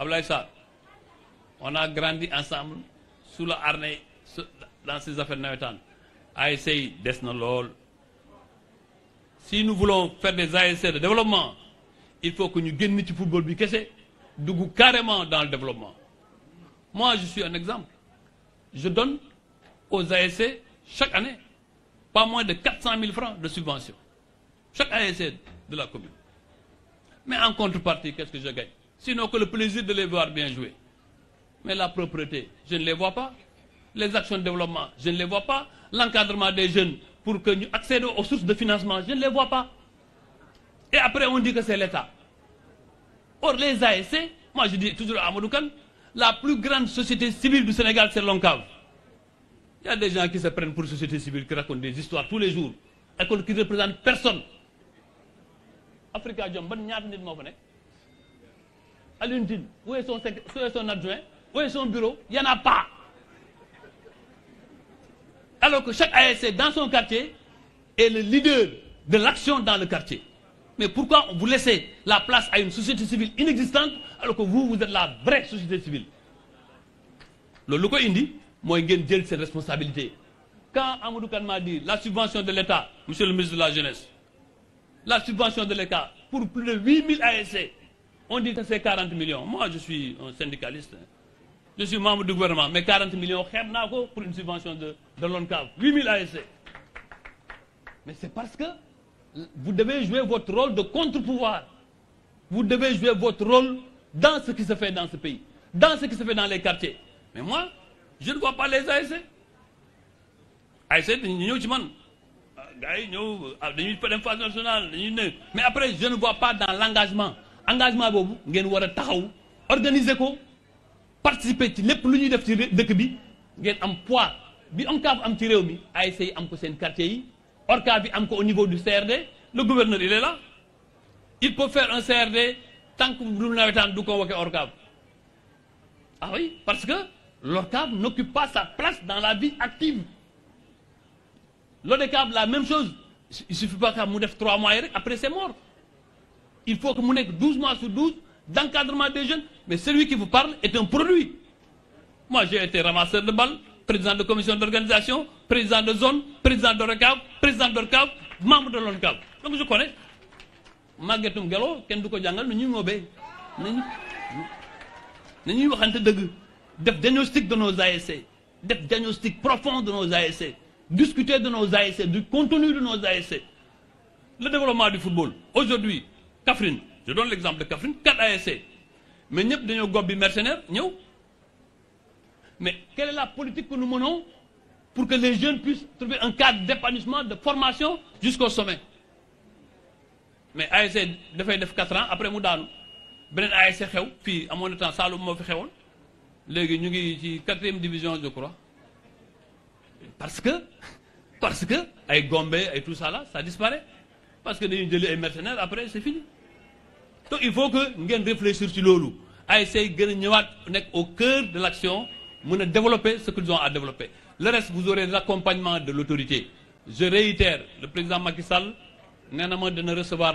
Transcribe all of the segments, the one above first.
Ablaye Sarr on a grandi ensemble sous la harnais dans ces affaires nawetaan ASC yi des na lool si nous voulons faire des ASC de développement il faut que ñu génn ci football bi kese dugg carrément dans le développement moi je suis un exemple je donne aux ASC chaque année pas moins de 400 000 francs de subvention chaque ASC de la commune mais en contrepartie qu'est-ce que je gagne sinon que le plaisir de les voir bien jouer. Mais la propreté, je ne les vois pas. Les actions de développement, je ne les vois pas. L'encadrement des jeunes pour que nous accédions aux sources de financement, je ne les vois pas. Et après, on dit que c'est l'État. Or, les ASC, moi je dis toujours à Amadoukan, la plus grande société civile du Sénégal, c'est l'ONCAV. Il y a des gens qui se prennent pour société civile, qui racontent des histoires tous les jours, et qui ne personne. Africa Jom ban ñaata moo fa nekk Alioune Tine où est son sec où est son adjoint où est son bureau y en a pas alors que chaque ASC dans son quartier est le leader de l'action dans le quartier mais pourquoi vous laissez la place à une société civile inexistante alors que vous vous êtes la vraie société civile loolu lu ko indi mooy ngeen jël seen responsabilité quand Amadou Kane m'a la subvention de l'État monsieur le ministre de la jeunesse la subvention de l'État pour plus de 8000 on dit que c'est 40 millions moi je suis un syndicaliste je suis membre du gouvernement mais 40 millions xeeb naa ko pour une subvention de de l'ONCAV 8000 mais c'est parce que vous devez jouer votre rôle de contre-pouvoir vous devez jouer votre rôle dans ce qui se fait dans ce dans ce qui se dans les quartiers mais moi je ne vois pas les ASC ASC dañuy ñëw ci man a ah, yi ñëw ah, dañuy dem phase nationale dañuy ne mais après je ne vois pas dans l'engagement engagement boobu ngeen war a taxaw organiser ko participer ci lépp lu ñuy def ci dëkk bi ngeen am poids bi ONCAV am ci réew mi ay yi am ko seen quartier yi ORCAV bi am ko au niveau du CRD le gouverneur il est là il peut faire un CRD tant que nawetaan du convoquer ORCAV ah parce que l'ORCAV n'occupe pas sa place dans la vie active l'ODCAV la même chose il suffit pas que mu def trois mois yi rek après c'est mort il faut que mu nekk 12 mois sur 12 d'encadrement des jeunes mais celui qui vous parle est un produit moi j'ai été ramasseur de balles président de commission d'organisation président de zone président de RECAV président d'ORCAV membre de l'ONCAV donc je connais màggetum gelo kenn du ko jàngal nu ñuy ngóobee nañu na ñuy waxante dëgg def diagnostic de nos ASC def diagnostic profond de nos ASC discuter de nos ASC du contenu de nos ASC le développement du football aujourd'hui Kaffrine je donne l'exemple de Kaffrine 4 ASC mais ñëpp dañoo gob bi mercenaire ñëw mais quelle est la politique que nous menons pour que les jeunes puissent trouver un cadre d'épanouissement de formation jusqu'au sommet mais ASC dafay def 4 ans après mu daanu beneen ASC xew fii amoon na temps Saloum moo fi xewoon léegi ñu ngi ci quatrième division je crois parce que parce que ay Gombe ay tout ça là ça disparaît parce que dañuy jëli ay mercenaires après c'est donc il faut que ngeen réfléchir ci loolu ASC gën a ñëwaat nekk au cœur de l'action mën a développer ce qu'ils ont à développer le reste vous aurez l'accompagnement de l'autorité je réitère le président Macky Sall nee na ma dana recevoir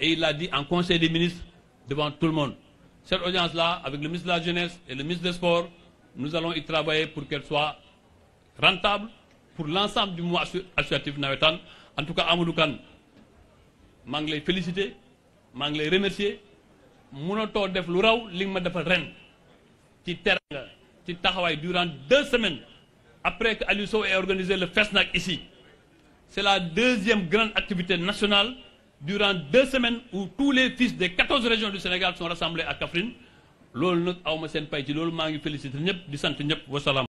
et il l'a dit en conseil des ministres devant tout le monde cette audience là avec le ministre de la jeunesse et le ministre des sports nous allons y travailler pour qu'elle soit rentable pour l'ensemble du en tout cas Amadou Kane maa ngi lay féliciter maa ngi lay remercier munatoo def lu raw li nga ma defal ren ci teranga ci taxawaay durant deux semaines après que Aliou Sow ait organisé na FESNAC ici c'est la deuxième grande activité nationale durant deux semaines où tous les fils des quatorze régions du Sénégal sont rassemblés à Kaffrine loolu nag aw ma seen pay ci loolu maa ngi féliciter ñëpp di sant ñëpp wasalaam